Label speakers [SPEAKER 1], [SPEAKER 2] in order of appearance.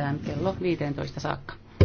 [SPEAKER 1] äänestetään kello
[SPEAKER 2] 15 saakka.